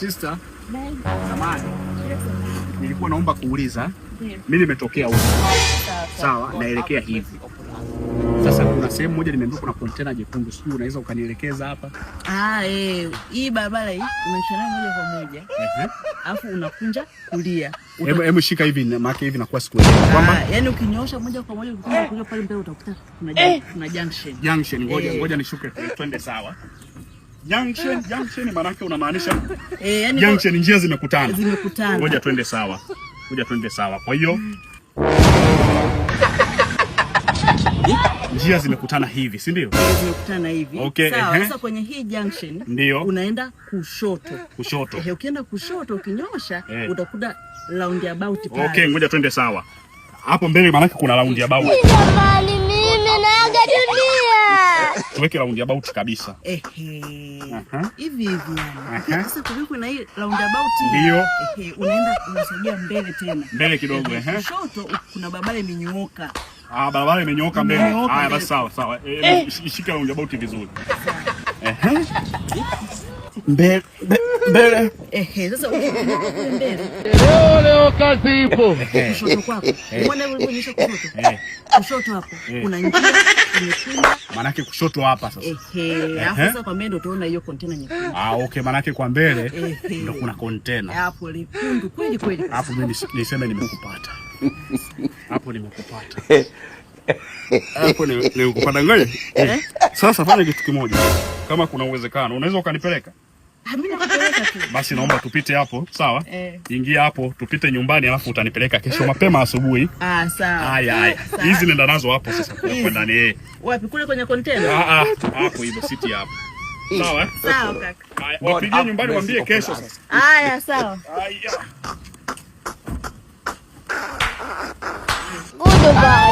Sister, zamani nilikuwa naomba kuuliza, mimi nimetokea huko sawa, naelekea hivi sasa. Kuna sehemu moja nimeambiwa kuna kontena jekundu, sijui unaweza ukanielekeza hapa? Ah, eh, hii barabara hii unaishana moja kwa moja, mhm. alafu unakunja kulia. Hebu shika hivi, maana hivi nakuwa siku kwamba ah, yani ukinyosha moja kwa moja kuja pale mbele utakuta kuna eh. junction. Junction, ngoja eh. ngoja nishuke, twende sawa Junction, junction maana unamaanisha eh, yani junction njia zimekutana. Zimekutana. Ngoja twende sawa. Ngoja twende sawa. Kwa hiyo njia zimekutana hivi, si ndio? Zimekutana hivi. Okay, sawa. Sasa kwenye hii junction ndio unaenda kushoto. Kushoto. Ehe, ukienda kushoto ukinyosha eh, utakuta roundabout pale. Okay, ngoja twende sawa. Hapo mbele maana kuna roundabout tuweke raundi about kabisa Ehe. hivi hivi. Sasa kuliko na hii raundi about. ndio Ehe, unaenda unasogea mbele tena mbele kidogo, ehe. shoto kuna barabara imenyooka. Ah, barabara imenyooka mbele. Haya basi, sawa sawa, e, eh. shika raundi about vizuri Ehe. mbele mbele. Leo kazi ipo. Kushoto kwako. hapo. Kuna njia Manake kushoto hapa sasa. Ehe. sasa kwa mbele utaona hiyo container nyekundu. Ah, okay, manake kwa mbele ndio kuna container. Hapo likundu kweli kweli. Hapo mimi niseme nimekupata. Hapo nimekupata. Hapo nimekupata ngoja. Eh? Sasa fanya kitu kimoja. Kama kuna uwezekano unaweza ukanipeleka. Basi naomba tupite hapo sawa? Eh. Ingia hapo tupite nyumbani, alafu utanipeleka kesho mapema asubuhi. Ah, sawa. Haya ah, haya. Hizi nenda nazo hapo sasa, kwa ndani eh. Wapi kule kwenye container? Ah ah, hapo hizo siti hapo. Sawa? Eh? Sawa kaka. Haya, wapigie nyumbani waambie kesho sasa. Haya, sawa. Haya. Udo bye.